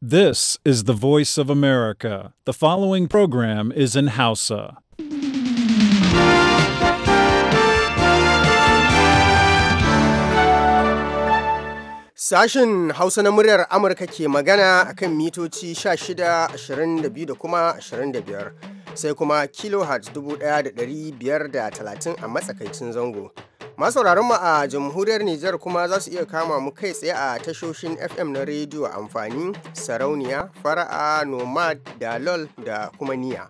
This is the voice of America. The following program is in Hausa. Sashen Hausa na muryar Amurka ke magana akan mitoci 16, 22 da kuma 25, sai kuma kilohertz 1530 a matsakaicin zango. masauraran mu a jamhuriyar Nijar kuma za su iya kama mu kai tsaye a tashoshin FM na rediyo amfani, sarauniya, fara'a, nomad, dalol da kuma niya.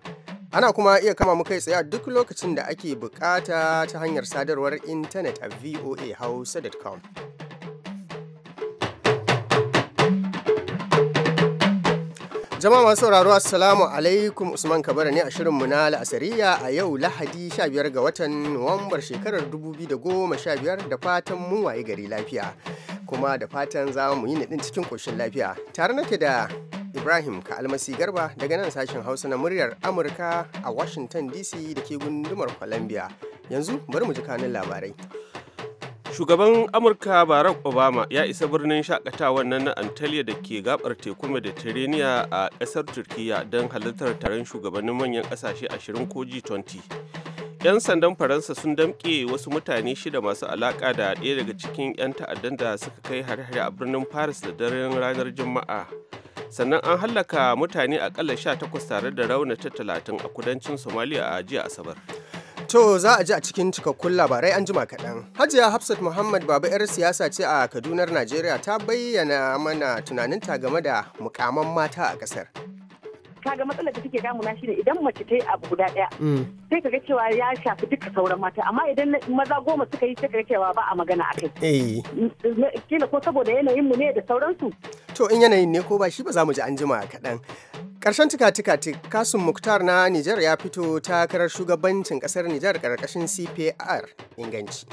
Ana kuma iya kama mu kai tsaye a duk lokacin da ake bukata ta hanyar sadarwar intanet a voahausa.com. Jama'a masu sauraro Assalamu alaikum Usman Kabara ne a shirinmu na La'asariya a yau Lahadi 15 ga watan Nuwambar shekarar 2015 da fatan mun waye gari lafiya. Kuma da fatan za mu yi nadin cikin koshin lafiya. Tare nake da Ibrahim ka almasi Garba daga nan sashen Hausa na muryar Amurka a Washington DC da ke gundumar Columbia. Yanzu bari mu ji kanun labarai. shugaban amurka barack obama ya isa birnin shakatawa wannan na antalya da ke gabar teku mediterania a kasar turkiya don halartar taron shugabannin manyan kasashe 20 ko g20 'yan sandan faransa sun damƙe wasu mutane shida masu alaƙa da ɗaya daga cikin 'yan ta'addan da suka kai hare-hare a birnin paris da daren ranar juma'a sannan an hallaka mutane akalla 18 tare da raunata 30 a kudancin somalia a jiya asabar To za a ji a cikin cikakkun labarai an jima kaɗan. Hajiya Hafsat Muhammad Baba 'yar siyasa ce a Kadunar Najeriya ta bayyana mana tunaninta game da mukaman mata a ƙasar. kaga matsalar da take damuna shine idan mace ta yi abu guda daya mm. sai kaga cewa ya shafi duka sauran mata amma idan maza goma suka yi sai kaga cewa ba a magana a kai eh. mm, mm, kila ko saboda yanayin mu ne da sauransu to in yanayin ne ko ba shi ba za mu ji an jima kaɗan Ƙarshen tika-tikati, Kasim Muktar na Nijar ya fito takarar shugabancin ƙasar Nijar karkashin CPR inganci.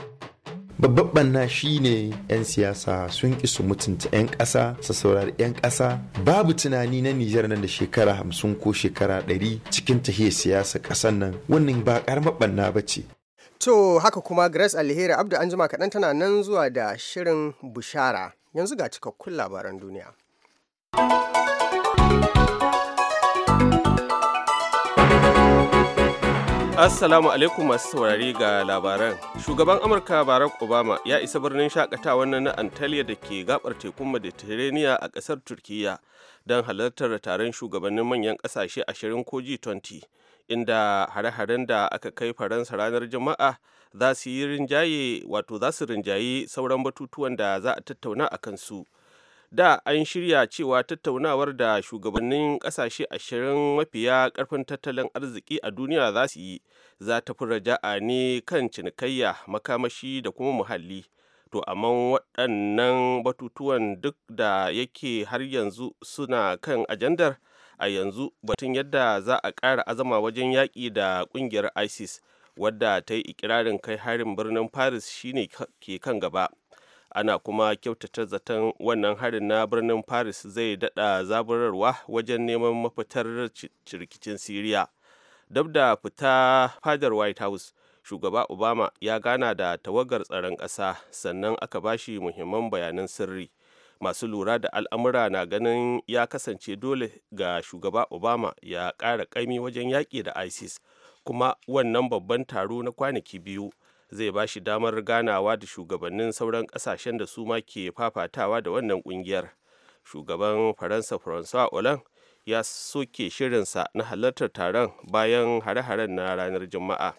babban na shine 'yan siyasa sun ƙi su mutunta 'yan ƙasa su saurari 'yan ƙasa babu tunani na nijar nan da shekara hamsin ko shekara ɗari cikin tahiyar siyasa ƙasar nan wannan ba ƙaramar banna ba ce to haka kuma grace alheri abdu anjima kaɗan tana nan zuwa da shirin bushara yanzu ga cikakkun labaran duniya Assalamu alaikum masu saurari ga labaran. Shugaban Amurka Barack Obama ya isa birnin shakatawa na Antalya da ke gabar tekun Mediterranean a kasar Turkiyya don halartar taron shugabannin manyan kasashe ashirin ko G20 inda hare-haren da aka kai Faransa ranar Juma'a za su yi rinjaye wato za su rinjaye sauran batutuwan da za a tattauna a kansu. da an shirya cewa tattaunawar da shugabannin kasashe ashirin mafiya karfin tattalin arziki a duniya za su yi za ta fi raja'a ne kan cinikayya makamashi da kuma muhalli to amma waɗannan batutuwan duk da yake har yanzu suna kan ajandar a yanzu batun yadda za a ƙara azama wajen yaƙi da ƙungiyar isis wadda ta yi ikirarin kai harin birnin paris shine ke kan gaba ana kuma kyautata zaton wannan harin na birnin paris zai dada zaburarwa wajen neman mafitar cirkicin siriya dab da fita fadar white house shugaba obama ya gana da tawagar tsaron ƙasa sannan aka bashi muhimman bayanan sirri masu lura da al'amura na ganin ya kasance dole ga shugaba obama ya ƙara ƙaimi wajen yaƙi da isis kuma wannan babban taro na kwanaki biyu zai ba shi damar ganawa da shugabannin sauran kasashen da su ma ke fafatawa da wannan kungiyar shugaban faransa francois hollande ya soke shirinsa na halartar taron bayan hare-haren na ranar juma'a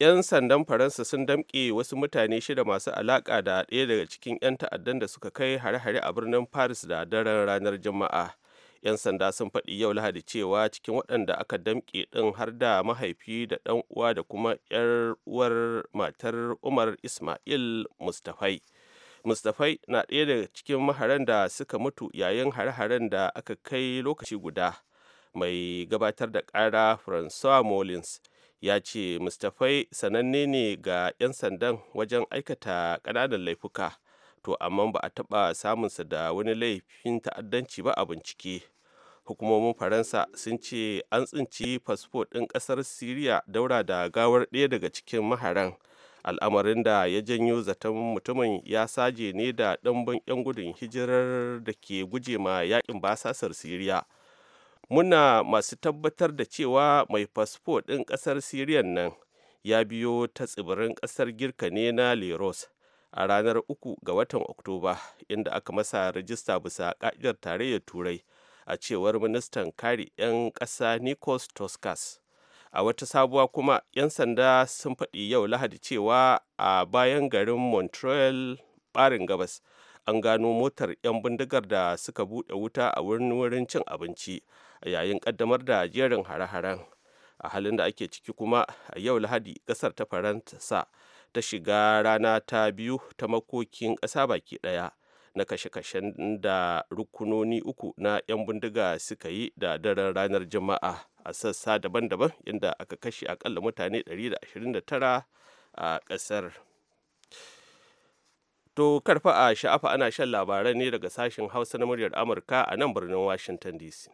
'yan sandan faransa sun damƙe wasu mutane shida masu alaƙa da ɗaya daga cikin 'yan ta'addan da suka kai hare-hare a birnin paris da daren ranar juma'a 'yan sanda sun faɗi yau lahadi cewa cikin waɗanda aka damƙe ɗin har da mahaifi da ɗan uwa da kuma 'yar uwar matar umar ismail mustafai mustafai na ɗaya daga cikin maharan da suka mutu yayin har haren da aka kai lokaci guda mai gabatar da ƙara francois molins ya ce mustafai sananne ne ga 'yan sandan wajen aikata ƙananan laifuka to amma ba a taɓa samunsa da wani laifin ta'addanci ba a bincike hukumomin faransa sun ce an tsinci fasfo ɗin ƙasar siriya daura da gawar ɗaya daga cikin maharan al'amarin da ya janyo zaton mutumin ya saje ne da ɗanban 'yan gudun hijirar da ke guje ma yakin basasar siriya muna masu tabbatar da cewa mai fasfo ɗin ƙasar siriyan nan ya biyo ta tsibirin ƙasar girka ne na leros a ranar 3 ga watan oktoba inda aka masa rajista bisa ka'idar tarayyar turai a cewar ministan kari 'yan ƙasa nikos toskas a wata sabuwa kuma 'yan sanda sun faɗi yau lahadi cewa a bayan garin montreal barin gabas an gano motar 'yan bindigar da suka buɗe wuta a wurin wurin cin abinci a yayin ƙaddamar da jerin hare-haren a halin da ake ciki kuma a yau lahadi ƙasar ta faransa ta shiga rana ta biyu ta makokin ƙasa baki ɗaya na kashe-kashen da rukunoni uku na 'yan bindiga suka yi da daren ranar jama'a a sassa daban-daban inda aka kashe akalla mutane 129 a ƙasar to karfa a sha'afa ana shan labarai ne daga sashen hausa na muryar amurka a nan birnin washington dc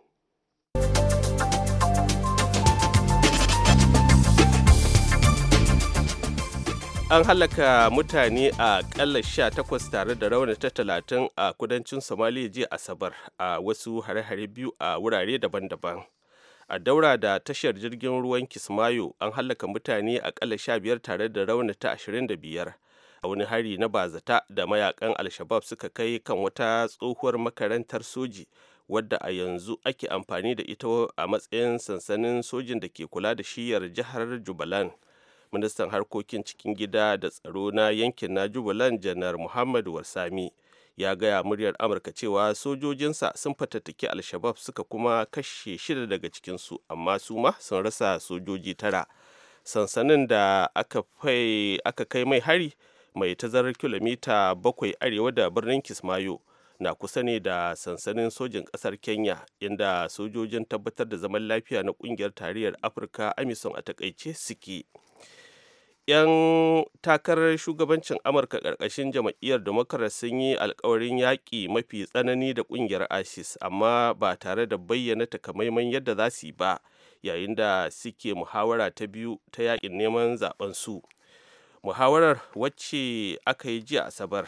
an halaka mutane a ƙalla 18 tare da ta talatin a kudancin somaliya jiya asabar a wasu hare-hare biyu a wurare daban-daban a daura da tashar jirgin ruwan kismayo an halaka mutane a sha 15 tare da raunata 25 a wani hari na bazata da mayakan alshabab suka kai kan wata tsohuwar makarantar soji wadda a yanzu ake amfani da ita a matsayin sansanin sojin da ke kula da shiyar jihar jubaland ministan harkokin cikin gida da tsaro na yankin jubilan janar muhammad warsami ya gaya muryar amurka cewa sojojinsa sun fatattaki alshabab suka kuma kashe shida daga cikinsu amma su ma sun rasa sojoji tara sansanin da aka, kai mai hari mai tazarar kilomita bakwai arewa da birnin kismayo na kusa ne da sansanin sojin kasar kenya inda sojojin tabbatar da zaman lafiya na kungiyar tarayyar afirka amison a takaice suke 'yan takarar shugabancin amurka ƙarƙashin jam'iyyar democrat sun yi alkawarin yaƙi mafi tsanani da ƙungiyar isis amma ba tare da bayyana takamaiman yadda za su yi ba yayin da suke muhawara ta biyu ta yaƙin neman zaben su muhawarar wacce aka yi jiya asabar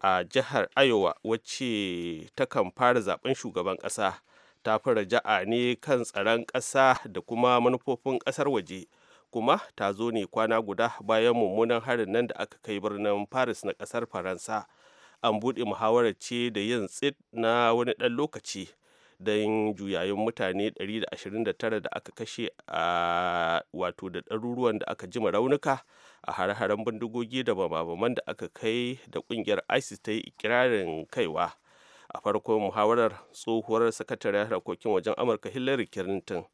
a jihar iowa wacce takan fara zaben shugaban ƙasa ta fara raja'a ne kan tsaron ƙasa da kuma manufofin ƙasar waje kuma ta zo ne kwana guda bayan mummunan harin nan da aka kai birnin paris na kasar faransa an buɗe muhawarar ce da yin tsit na wani ɗan lokaci don juyayin mutane 129 da aka kashe a wato da ɗaruruwan da aka jima raunuka a hare-haren bindigogi da bababaman da aka kai da ƙungiyar isis ta yi ikirarin kaiwa a farkon muhawarar tsohuwar sakatare harkokin wajen amurka hillary clinton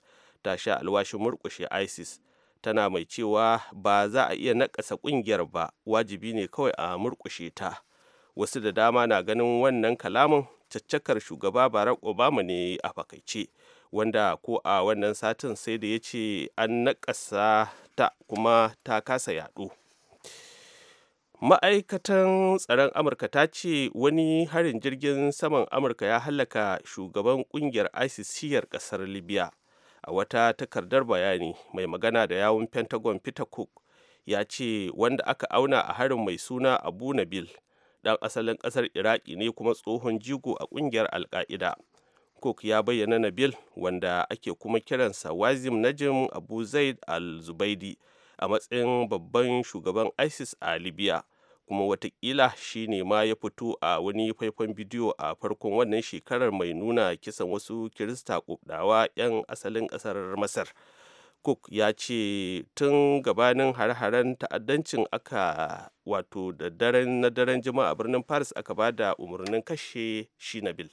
ta sha alwashin murƙushe isis tana mai cewa ba za a iya nakasa kungiyar ba wajibi ne kawai a murkushe ta wasu da dama na ganin wannan kalamin caccakar shugaba barack obama ne a fakaice wanda ko a wannan satin sai da ya ce an nakasa ta kuma ta kasa yadu ma'aikatan tsaron amurka ta ce wani harin jirgin saman amurka ya hallaka shugaban kungiyar isis kasar libya a wata takardar bayani mai magana da yawun pentagon peter cook ya ce wanda aka auna a harin mai suna abu nabil dan asalin kasar iraki ne kuma tsohon jigo a kungiyar alka'ida cook ya bayyana nabil wanda ake kuma kiransa wazim najim abu zaid al-zubaidi a matsayin babban shugaban isis a libya kuma watakila shi ne ma ya fito a wani faifan bidiyo a farkon wannan shekarar mai nuna kisan wasu kirista kubdawa 'yan asalin kasar masar cook ya ce tun gabanin har-haren ta'addancin aka wato da daren na daren jima'a birnin paris aka ba da umarnin kashe shi na bil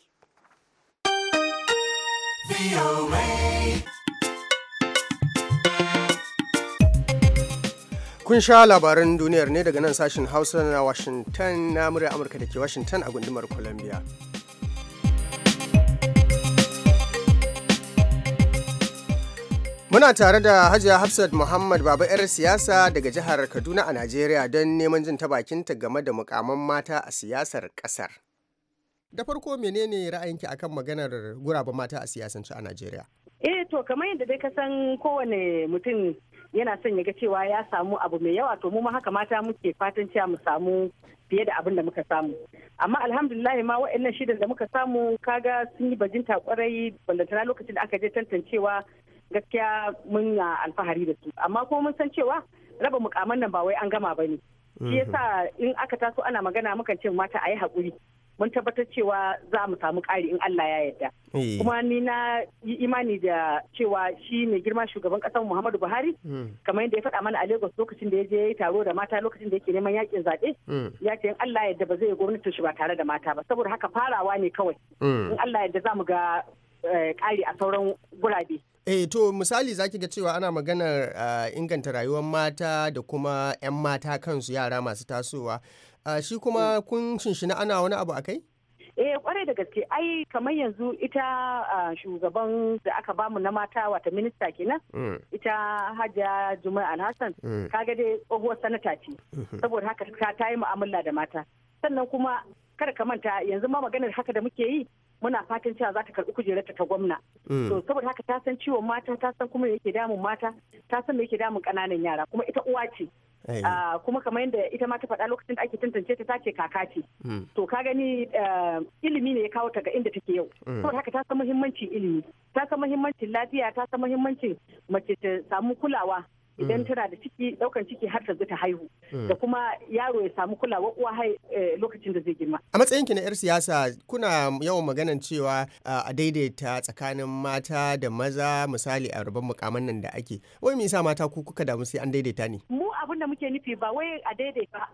kun sha labaran duniyar ne daga nan sashen hausa na washington na murya amurka da ke washington a gundumar columbia Muna tare da Hajiya Hafsat Muhammad Baba 'yar siyasa daga jihar Kaduna a Najeriya don neman jin ta bakinta game da mukaman mata a siyasar kasar. Da farko menene ra'ayinki akan maganar guraben mata a siyasance a Najeriya? Eh to kamar yadda dai ka san kowane mutum yana son ya ga cewa ya samu abu mai yawa to mu ma haka mata muke fatan cewa mu samu fiye da abin da muka samu amma alhamdulillah ma wa'annan shidan da muka samu kaga sun yi bajinta kwarai ballantana lokacin da aka je tantancewa gaskiya mun alfahari da su amma kuma mun san cewa raba mukaman nan ba wai an gama ba ne shi mhm. yasa in aka taso ana magana mukan ce mata a yi haƙuri mun tabbatar cewa za mu samu ƙari in Allah ya yarda. Eh. Kuma ni na yi imani da cewa shi ne girma shugaban ƙasar Muhammadu Buhari hmm. kamar yadda ya faɗa mana a Lagos lokacin da ya je taro da mata lokacin da yake neman yakin zaɓe hmm. ya ce in Allah ya yarda ba zai gwamnatin shi ba tare da mata ba saboda haka farawa ne kawai. Hmm. In Allah ya yarda za mu ga eh, ƙari a sauran gurabe. Eh to misali zaki ga cewa ana maganar ah, inganta rayuwar mata da kuma 'yan mata kansu yara masu tasowa. A shi kuma mm. kun shinshina ana wani abu a kai? eh kwarai da gaske ai kamar yanzu ita shugaban da aka bamu na mata wata minista kenan mm. ita hajja juma'a alhassan mm. kaga dai tsohuwar sanata ce mm-hmm. saboda haka ta yi mu'amala da mata sannan kuma kada ka manta yanzu ma maganar haka da muke yi muna fatan cewa za ta karɓi kujerarta ta gwamna. To saboda haka ta san ciwon mata ta san kuma yake damun mata ta san me yake damun ƙananan yara kuma ita uwa ce. Eh. Ah, kuma kamar yadda ita ma ta faɗa lokacin da ake tantance ta tace kaka ce hmm. to ka gani eh, ilimi ne ya kawo ta ga inda take yau hmm. saboda haka ta san muhimmancin ilimi ta san muhimmancin lafiya ta san muhimmancin mace ta samu kulawa idan mm. tana da ciki daukan ciki har ta ta haihu mm. da kuma yaro ya samu kulawa uwa eh, lokacin da zai girma a matsayin ki na yar siyasa kuna yawan maganan cewa ah, a daidaita tsakanin mata da maza misali a rubar mukaman nan da ake wai me yasa mata ku kuka damu sai an daidaita ne mu abin da muke nufi ba wai a daidaita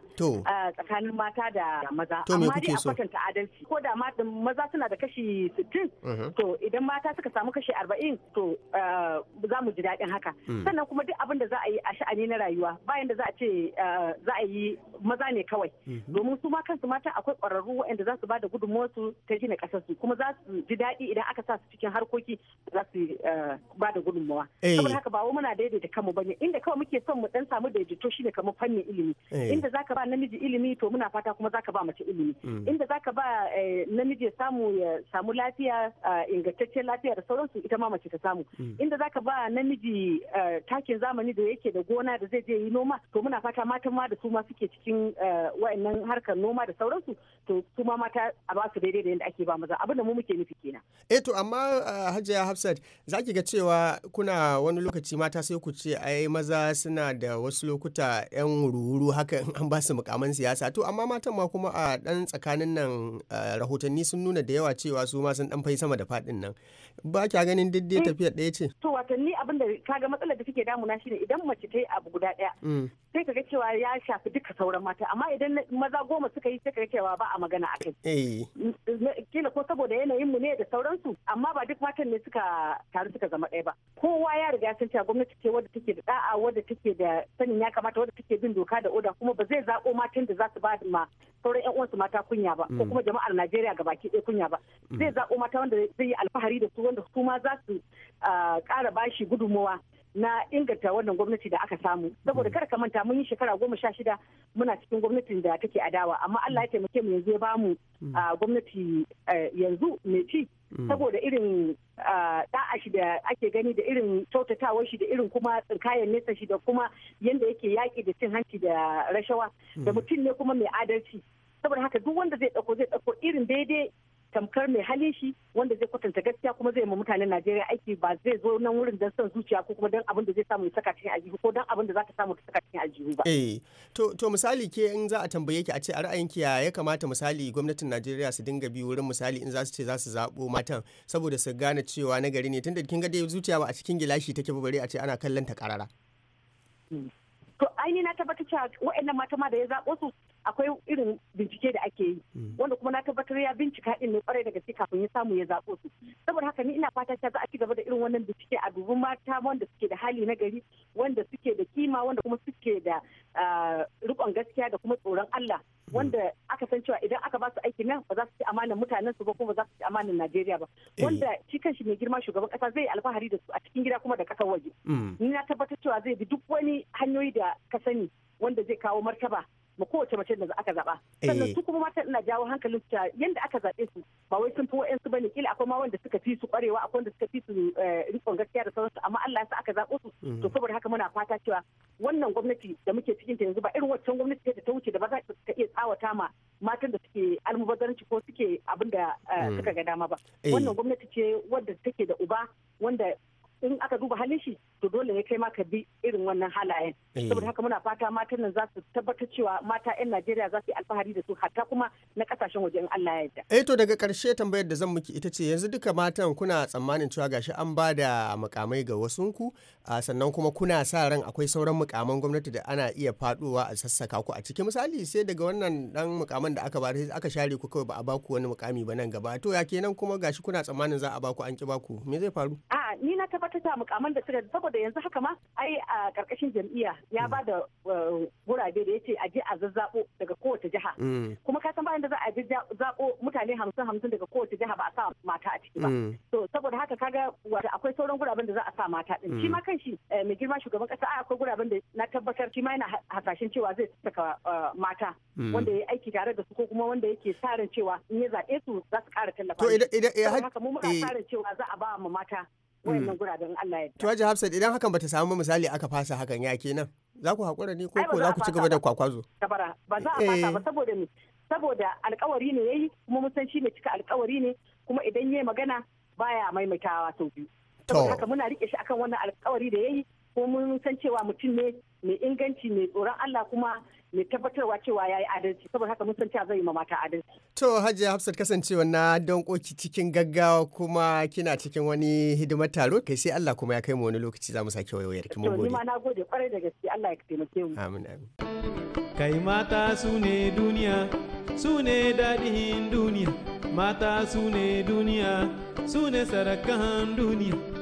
ah, tsakanin mata da maza To amma kuke a kwatanta adalci ko da um, maza suna da kashi 60 mm-hmm. to idan mata suka samu kashi 40 to ah, za mu ji daɗin haka mm. sannan kuma duk abin da za a yi a sha'ani na rayuwa bayan da za a ce eh, za a yi maza ne kawai mhm. domin su ma kansu mata akwai ƙwararru waɗanda za su ba da gudunmuwar su ta gina ƙasar su kuma za su ji daɗi idan aka sa su cikin harkoki za su eh, ba da gudunmuwa eh. saboda haka ba wai muna daidaita kanmu bane inda kawai muke son mu dan samu daidaito shine kamar fannin ilimi inda zaka ba namiji ilimi to muna fata kuma zaka ba mace ilimi mm. inda zaka ba namiji ya samu ya samu lafiya ingantaccen lafiya da sauransu ita ma mace ta samu mm. inda zaka ba namiji takin zamani da yake da gona da zai je yi noma to muna fata matan ma da su ma suke cikin eh, wa'annan harkar noma da sauransu to su ma mata a ba su daidai da yadda ake ba maza abin da mu muke nufi kenan eh to amma eh, Hajiya Hafsat zaki ga cewa kuna wani lokaci mata sai ku ce ai maza suna da wasu lokuta yan wuru haka an ba su mukaman siyasa to amma matan ma kuma a dan tsakanin nan eh, rahotanni sun nuna da yawa cewa su ma sun dan fai sama da fadin nan ba kya ganin diddai tafiyar ɗaya ce to watanni abin da kaga matsalar da suke damuna shine idan idan mace ta yi abu guda ɗaya mm. sai ka ga cewa ya shafi duka sauran mata amma idan maza goma suka yi sai ka cewa ba a magana a kai eh. kila ko saboda yanayin mu ne da sauransu amma ba duk matan ne suka taru suka zama ɗaya ba kowa ya riga sun cewa gwamnati ce wadda take da da'a wadda take da sanin ya kamata wadda take bin doka da oda kuma ba zai zaɓo matan da za su ba ma sauran yan uwansu mata kunya ba ko mm. kuma jama'ar Najeriya ga baki ɗaya kunya ba mm. zai zaɓo mata wanda zai yi alfahari da su wanda su ma za su ah, ƙara bashi gudunmawa na inganta wannan gwamnati da aka samu saboda hmm. kar ka manta mun yi shekara goma sha shida muna cikin gwamnatin da take adawa amma Allah ya taimake mu yanzu ya bamu hmm. ah, gwamnati eh, yanzu mai ci hmm. saboda irin ah, da'a shi da ake gani da irin kyautatawa shi da irin kuma tsinkayen nesa shi da kuma yadda yake yaƙi da cin hanci da rashawa da mutum ne kuma mai adalci saboda haka duk wanda zai ɗauko zai ɗauko irin daidai tamkar mai hali shi wanda zai kwatanta gaskiya kuma zai ma mutanen Najeriya aiki ba zai zo nan wurin don son zuciya ko kuma don abin da zai samu ya saka cikin aljihu ko don abin da za ka samu ta saka cikin aljihu ba. Eh to to misali ke in za a tambaye ki a ce a ra'ayinki ya ya kamata misali gwamnatin Najeriya su dinga bi wurin misali in za su ce za su zabo matan saboda su gane cewa na gari ne tunda kin ga dai zuciya ba a cikin gilashi take ba bare a ce ana kallon ta karara. Hmm. To aini na tabbata cewa waɗannan mata da ya zaɓo su akwai irin bincike da ake yi hmm. wanda kuma na tabbatar ya bincika din ne kwarai da gaske kafin ya samu ya zabo su saboda haka ni ina fata ta za a ci gaba da irin wannan bincike a dubu mata wanda suke da hali na gari wanda suke da kima wanda kuma suke da rikon gaskiya da kuma tsoron Allah hmm. wanda aka san cewa idan aka ba su aiki nan ba za su ci amanan mutanen su ba kuma ba za su ci amanar Najeriya ba eh. wanda shi kanshi mai girma shugaban kasa zai alfahari da su a cikin gida kuma da kasar waje hmm. ni na tabbatar cewa zai bi duk wani hanyoyi da ka sani wanda zai kawo martaba ma kowace mace da aka zaba sannan eh. su kuma mata ina jawo hankalin su yanda aka zabe su ba wai sun fi su bane kila akwai ma wanda suka fi su kwarewa akwai wanda suka fi su eh, rikon gaskiya da sauransu amma Allah ya sa aka zabo su mhm. to saboda haka muna fata cewa wannan gwamnati da muke cikin ta yanzu ba irin waccan gwamnati da ta wuce da ba za ta iya tsawata ma matan da suke almubazzaranci ko suke abin da eh, mm. suka ga dama ba wannan gwamnati ce wadda take da uba wanda in aka duba halin shi to dole ne kai ma ka bi irin wannan halayen eh. saboda haka muna fata matan nan za su tabbatar cewa mata 'yan Najeriya za su yi alfahari da su hatta kuma na kasashen waje in Allah ya yarda eh to daga karshe tambayar da zan miki ita ce yanzu duka matan kuna tsammanin cewa gashi an ba da mukamai ga wasunku sannan kuma kuna sa ran akwai sauran mukaman gwamnati da ana iya faduwa a sassaka ku a ciki misali sai daga wannan dan mukaman da aka ba aka share ku kawai ba a ba ku wani mukami ba nan gaba to ya kenan kuma gashi kuna tsammanin za a ba ku an ki ku me zai faru a'a ni na tabbatar da mukaman da suka saboda yanzu haka ma ai a karkashin jam'iyya ya mm. ba uh, da gurabe da ya ce a je a zazzabo daga kowace jiha mm. kuma ka san bayan da za a je zabo mutane hamsin hamsin daga kowace jiha ba a sa mata a ciki ba to mm. saboda haka kaga wata akwai sauran guraben da za a sa mata din shi ma kanshi eh, mai girma shugaban kasa akwai guraben da na tabbatar shi ma yana hasashen cewa zai saka uh, mata wanda ya aiki tare da su ko kuma wanda yake tsarin cewa in ya zaɓe su za su ƙara tallafa to idan idan haka mu muna tsarin eh. cewa za a ba mu mata wannan mm. guraben Allah ya to Haji Hafsat idan hakan bata samu misali aka fasa hakan ya kenan za ku haƙura ne ko ko za ku ci gaba da kwakwazo ba za a fasa ba eh. saboda saboda alƙawari ne yayi kuma mun san shi ne cika alƙawari ne kuma idan yayi magana baya maimaitawa sau biyu to haka muna rike shi akan wannan alƙawari da yayi ko mun san cewa mutum ne mai inganci mai tsoron Allah kuma mai tabbatarwa cewa ya yi adalci saboda haka mun san cewa zai yi mata adalci. To Hajiya Hafsat kasancewa na koki cikin gaggawa kuma kina cikin wani hidimar taro kai sai Allah kuma ya kai mu wani lokaci za mu sake wayoyar ki mun gode. To ni ma na gode kwarai da gaske Allah ya taimake mu. Amin amin. Kai mata su ne duniya su ne daɗin duniya mata su ne duniya su ne sarakan duniya.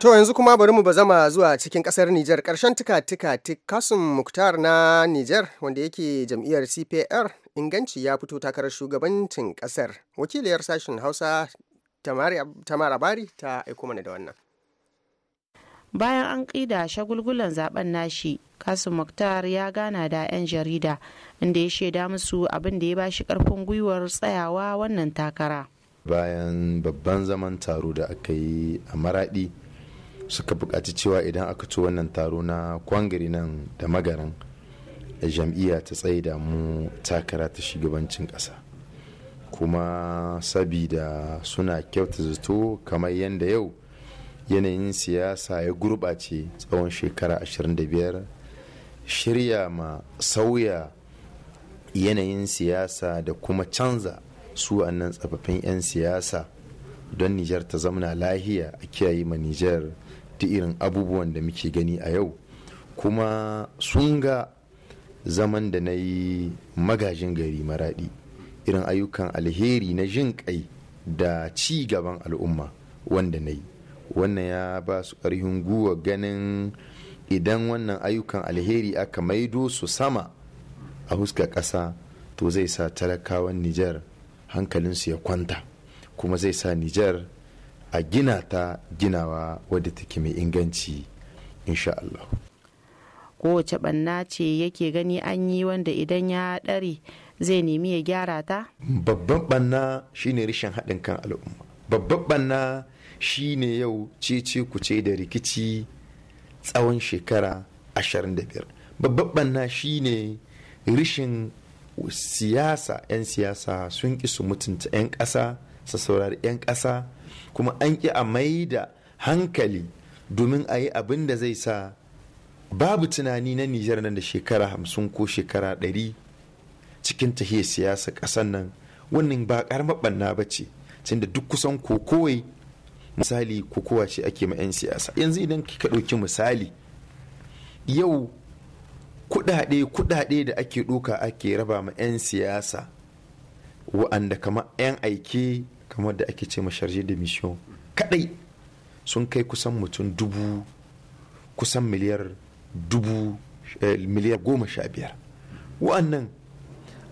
to yanzu kuma bari mu bazama zuwa cikin kasar Nijar karshen tika tika Kasum Muktar na Nijar wanda yake jam'iyyar CPR inganci ya fito takarar shugabancin ƙasar wakiliyar sashen Hausa Tamara Bari ta aiko mana da wannan bayan an ƙida shagulgulan zaben nashi kasim muktar ya gana da 'yan jarida inda ya shaida musu abin da ya shi ƙarfin gwiwar tsayawa wannan takara bayan babban zaman taro da aka yi a maradi suka buƙaci cewa idan aka ci wannan taro na kwangari nan da magaran jam'iyya ta tsaye da mu takara ta shugabancin ƙasa kuma sabida suna kyauta zato kamar yadda yau yanayin siyasa ya gurɓace tsawon shekara 25 shirya ma sauya yanayin siyasa da kuma canza su annan tsafaffin 'yan siyasa don nijar ta zamana lahiya a kiyaye ma nijar ta irin abubuwan da muke gani a yau kuma sun ga zaman da na yi magajin gari maraɗi irin ayyukan alheri na jin kai da ci gaban al'umma wanda na yi wannan ya ba su ƙarfin guwa ganin idan wannan ayyukan alheri aka maido su sama a huska ƙasa to zai sa talakawan nijar hankalinsu ya kwanta kuma zai sa Nijar a gina ta ginawa wadda take mai inganci insha Allah. Kowace ɓanna ce yake gani an yi wanda idan ya ɗare zai nemi ya gyara ta? Babban ɓanna shine rashin haɗin kan al'umma. Babban ɓanna shine yau cece ce da rikici tsawon shekara 25. Babban ɓanna shine rashin siyasa 'yan siyasa sun ƙi su mutunta 'yan ƙasa su saurari 'yan ƙasa kuma an ƙi a mai da hankali domin a yi abin da zai sa babu tunani na nijar nan da shekara hamsin ko shekara ɗari cikin tahiyar siyasa ƙasan nan wannan ba ƙaramar ɓanna ba ce tunda duk kusan kokowai misali kokowa ce ake ma 'yan siyasa yanzu idan kika ɗauki misali yau kudade kudade da ake doka ake raba ma 'yan siyasa wa'anda kama 'yan aiki kamar da ake ce masharje da mission kadai sun kai kusan mutum dubu kusan miliyar dubu eh, miliyar goma sha biyar wa'annan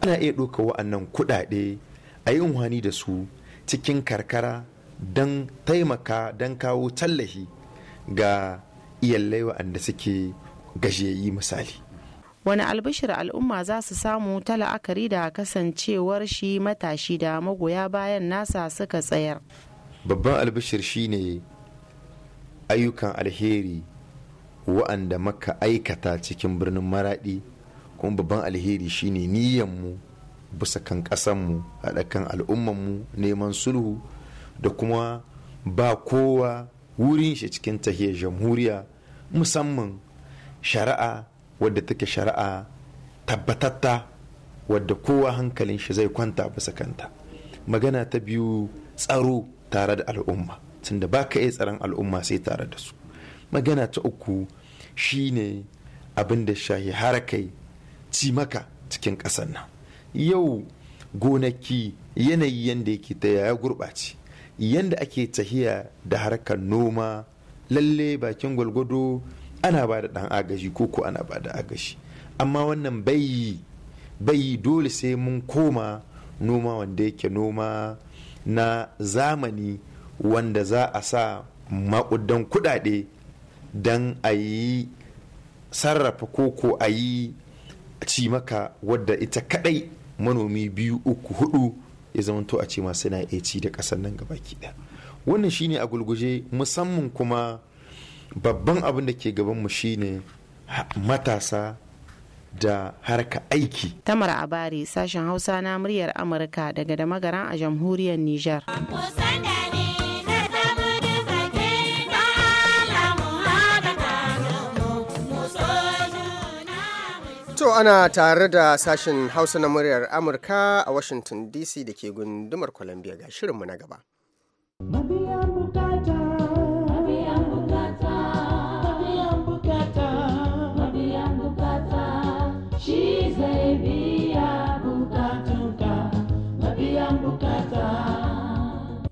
ana iya doka wa'annan kudade a yi unhani da su cikin karkara don taimaka don kawo tallahi ga iyalai wa'anda suke gajiyayi misali wani albishir al'umma za su samu ta la'akari da kasancewar shi matashi da magoya bayan nasa suka tsayar babban albishir shine ayyukan alheri wa'anda maka aikata cikin birnin maradi kuma babban alheri shine mu bisa kan ƙasanmu haɗa kan al'ummanmu neman sulhu da kuma ba kowa wurin shi cikin tahiyar jamhuriya musamman shari'a wadda take shari'a tabbatatta wadda kowa hankalin shi zai kwanta bisa kanta magana ta biyu tsaro tare da al'umma tunda ba ka iya tsaron al'umma sai tare da su magana ta uku shine abin da shahi harakai ci maka cikin ƙasar nan yau gonaki yanayi yadda yake ta ya gurɓace yadda ake tahiya da harkar noma lalle bakin gwalgwado ana ba da ɗan agaji ko ko ana ba da agaji amma wannan bai yi dole sai mun koma noma wanda yake noma na zamani wanda za a sa maƙudan kuɗaɗe don a yi sarrafa koko a yi ci maka wadda ita kadai manomi biyu uku hudu ya zamanto a ce masu na iya ci da kasar nan gabaki ɗaya wannan shine a gulguje musamman kuma babban abin da ke gabanmu shine matasa da harka aiki. Tamar Abari sashen Hausa na muryar Amurka daga da magaran a jamhuriyar Nijar. To ana tare da sashen Hausa na muryar Amurka a Washington DC da ke gundumar Columbia ga shirinmu na gaba.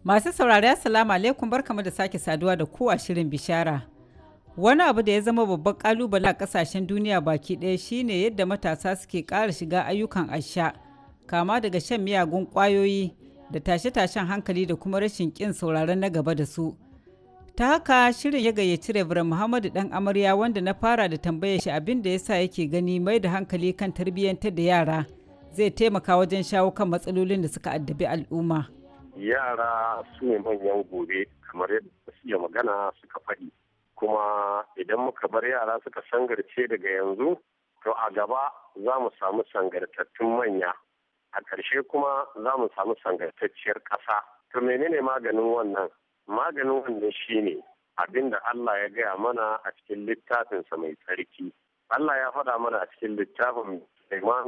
Masu saurari assalamu alaikum barkamu da sake saduwa da kowa shirin bishara. Wani abu da ya zama babban kalubale a kasashen duniya baki ɗaya shine yadda matasa suke ƙara shiga ayyukan asha, kama daga shan miyagun ƙwayoyi da tashe-tashen hankali da kuma rashin ƙin sauraron na gaba da su. Ta haka shirin ya gayyaci Reverend Muhammadu ɗan amarya wanda na fara da tambayar shi abin da yasa yake gani mai da hankali kan tarbiyyantar da yara zai taimaka wajen shawo kan matsalolin da suka addabi al'umma. yara su ne manyan gobe kamar yadda su iya magana suka faɗi kuma idan muka bar yara suka sangarce daga yanzu to a gaba za mu samu sangartattun manya a ƙarshe kuma za mu samu sangartacciyar ƙasa to menene maganin wannan maganin wannan shine abin da Allah ya gaya mana a cikin littafinsa mai tsarki Allah ya faɗa mana a cikin littafin sura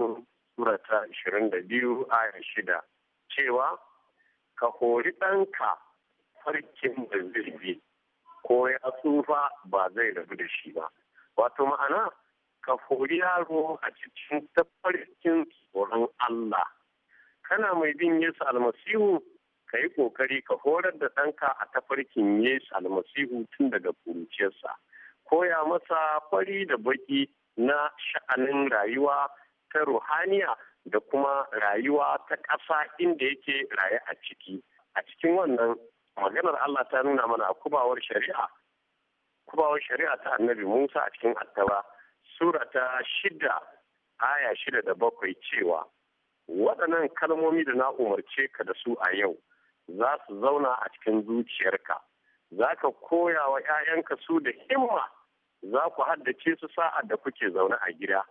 Surata 22 aya 6 cewa ka hori ɗanka farkin da zirbi ko ya tsufa ba zai rabu da shi ba wato ma'ana ka hori yaro a cikin tafarkin tsoron Allah kana mai bin Yesu almasihu ka yi ƙoƙari ka horar da ɗanka a tafarkin Yesu almasihu tun daga kuruciyarsa koya masa fari da baki na sha'anin rayuwa ta ruhaniya da kuma rayuwa ta ƙasa inda yake raye a ciki a cikin wannan maganar Allah ta nuna mana kubawar shari'a kubawar shari'a ta annabi Musa a cikin attaba. sura ta shida aya shida da bakwai cewa waɗannan kalmomi da na umarce ka da su a yau za su zauna a cikin zuciyarka za ka koya wa 'ya'yanka su da himma za ku haddace su sa'ad da kuke zaune a gida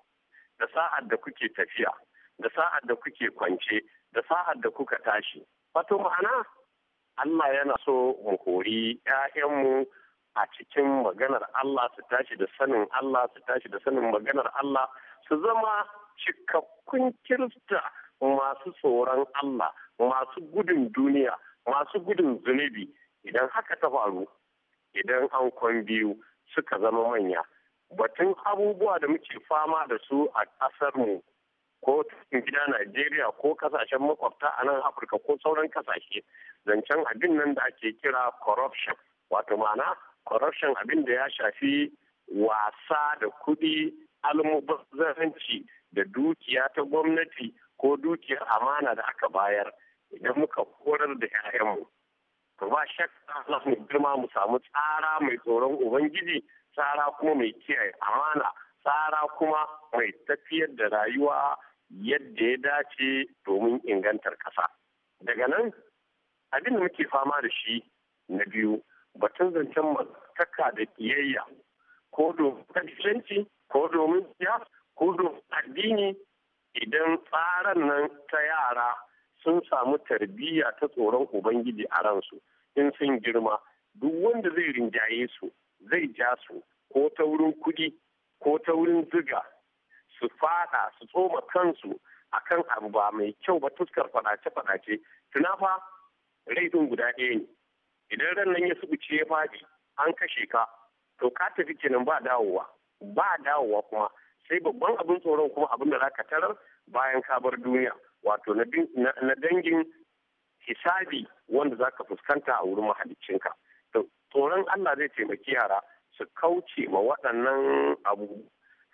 da sa'ad da kuke tafiya da sa'ad da kuke kwance da sa'ad da kuka tashi wato ma'ana Allah yana so mu kori 'ya'yanmu a cikin maganar Allah su tashi da sanin Allah su tashi da sanin maganar Allah su zama cikakkun kirista masu tsoron Allah masu gudun duniya masu gudun zunubi idan haka ta faru idan an kwan biyu suka zama manya batun abubuwa da muke fama da su a ƙasarmu ko gida Najeriya ko kasashen makwabta a nan Afirka ko sauran kasashe zancen abin nan da ake kira corruption wato ma'ana corruption abin da ya shafi wasa da kuɗi almubazanci da dukiya ta gwamnati ko dukiyar amana da aka bayar idan muka horar da 'ya'yanmu to ba shakka za mu girma mu samu tsara mai tsoron ubangiji tsara kuma mai kiyaye amana tsara kuma mai tafiyar da rayuwa yadda ya dace domin ingantar ƙasa. Daga nan abin da muke fama da shi na biyu batun zancen mataka da ƙiyayya ko domin ko domin siyasa ko domin addini idan tsaron nan ta yara sun samu tarbiyya ta tsoron ubangiji a ransu in sun girma duk wanda zai rinjaye su zai ja su ko ta wurin kudi ko ta wurin ziga su fada su tsoma kansu a kan abu ba mai kyau ba tuskar fadace-fadace tuna fa rai guda ɗaya ne idan ran nan ya subuce ya fadi an kashe ka to ka tafi kenan ba dawowa ba dawowa kuma sai babban abin tsoron kuma abin da zaka tarar bayan ka bar duniya wato na dangin hisabi wanda zaka fuskanta a wurin mahaliccinka to tsoron Allah zai taimaki yara su kauce ma waɗannan abu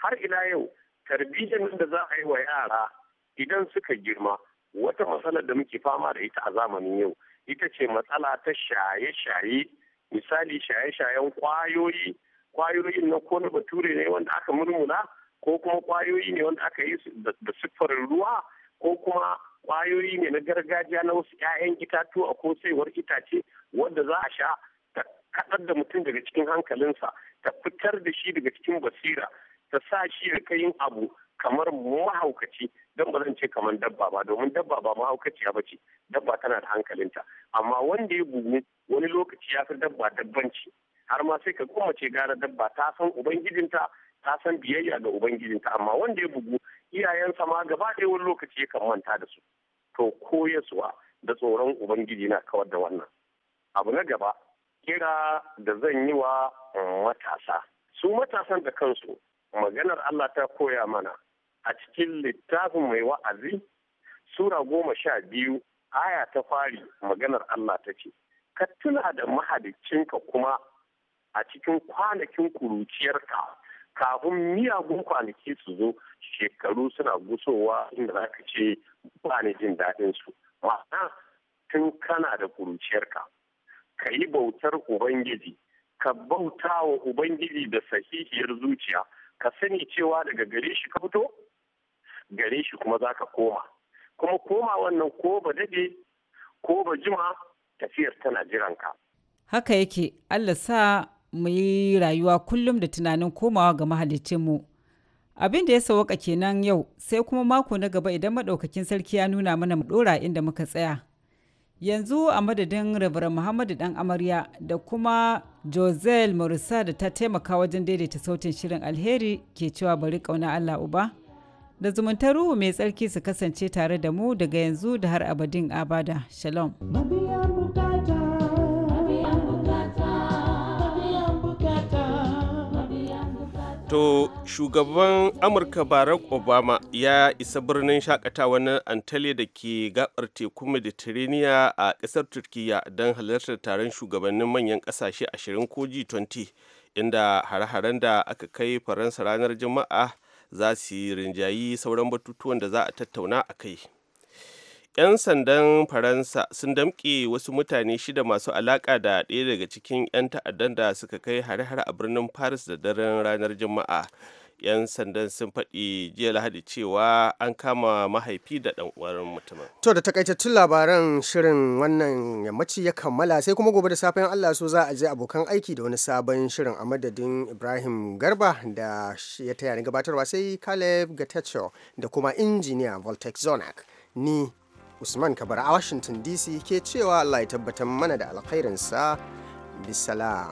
har ila yau tarbiyyar da za a yi wa yara idan suka girma wata matsalar da muke fama da ita a zamanin yau ita ce matsala ta shaye-shaye misali shaye-shayen kwayoyi kwayoyin na ko bature ne wanda aka murmula ko kuma kwayoyi ne wanda aka yi da siffarin ruwa ko kuma kwayoyi ne na gargajiya na wasu 'ya'yan itatuwa ko saiwar itace wanda za a sha ta kaɗar da mutum daga cikin hankalinsa ta fitar da shi daga cikin basira ta sa shi rika yin abu kamar mahaukaci don ba zan ce kamar dabba ba domin dabba ba mahaukaci ba ce dabba tana da hankalinta amma wanda ya bugu wani lokaci ya fi dabba dabbanci har ma sai ka kuma ce gara dabba ta san ubangijinta ta san biyayya ga ubangijinta amma wanda ya bugu iyayensa ma gaba ɗaya wani lokaci ya kan manta da su to koyaswa da tsoron ubangiji na kawar da wannan abu na gaba kira da zan yi wa mm, matasa su matasan da kansu maganar Allah ta koya mana a cikin littafin mai wa'azi Sura goma sha biyu aya ta fari maganar Allah ta ce, Ka tuna da mahalicinka kuma a cikin kwanakin kuruciyarka kafin miyagun kwanaki su zo shekaru suna gusowa inda za ka ce ba ni jin daɗinsu. Ma'ana tun kana da kuruciyarka, ka yi bautar Ubangiji, ka bauta wa Ubangiji da sahihiyar zuciya. ka sani cewa daga gare shi ka fito gare shi kuma za ka koma kuma koma wannan ko ba daɗe ko ba jima tafiyar tana jiran ka haka yake allah sa mu yi rayuwa kullum da tunanin komawa ga mahalicinmu abin da ya sauka kenan yau sai kuma mako na gaba idan maɗaukakin sarki ya nuna mana mu ɗora inda muka tsaya yanzu a madadin rabar muhammadu dan amarya da kuma josel marisa da ta taimaka wajen daidaita sautin shirin alheri ke cewa bari kauna allah uba da zumuntar ruhu mai tsarki su kasance tare da mu daga yanzu da har abadin abada shalom To shugaban Amurka Barack Obama ya isa birnin shakatawa na Antalya da ke gabar tekun mediterranean a kasar Turkiyya don halartar taron shugabannin manyan kasashe 20 ko G20 inda hare-haren da aka kai Faransa ranar Juma'a za su rinjayi sauran batutuwan da za a tattauna a kai. 'yan sandan faransa sun damƙe wasu mutane shida masu alaƙa da ɗaya daga cikin 'yan ta'addan da suka kai hare-hare a birnin paris da daren ranar juma'a 'yan sandan sun faɗi jiya lahadi cewa an kama mahaifi da ɗan uwar mutumin. To da takaitattun labaran shirin wannan yammaci ya kammala sai kuma gobe da safen Allah so za a je abokan aiki da wani sabon shirin a madadin Ibrahim Garba da ya taya ni gabatarwa sai Caleb Gatacho da kuma injiniya Voltec Zonak ni usman kabara a washington dc ke cewa allah ya tabbatar mana da alkhairinsa bisalam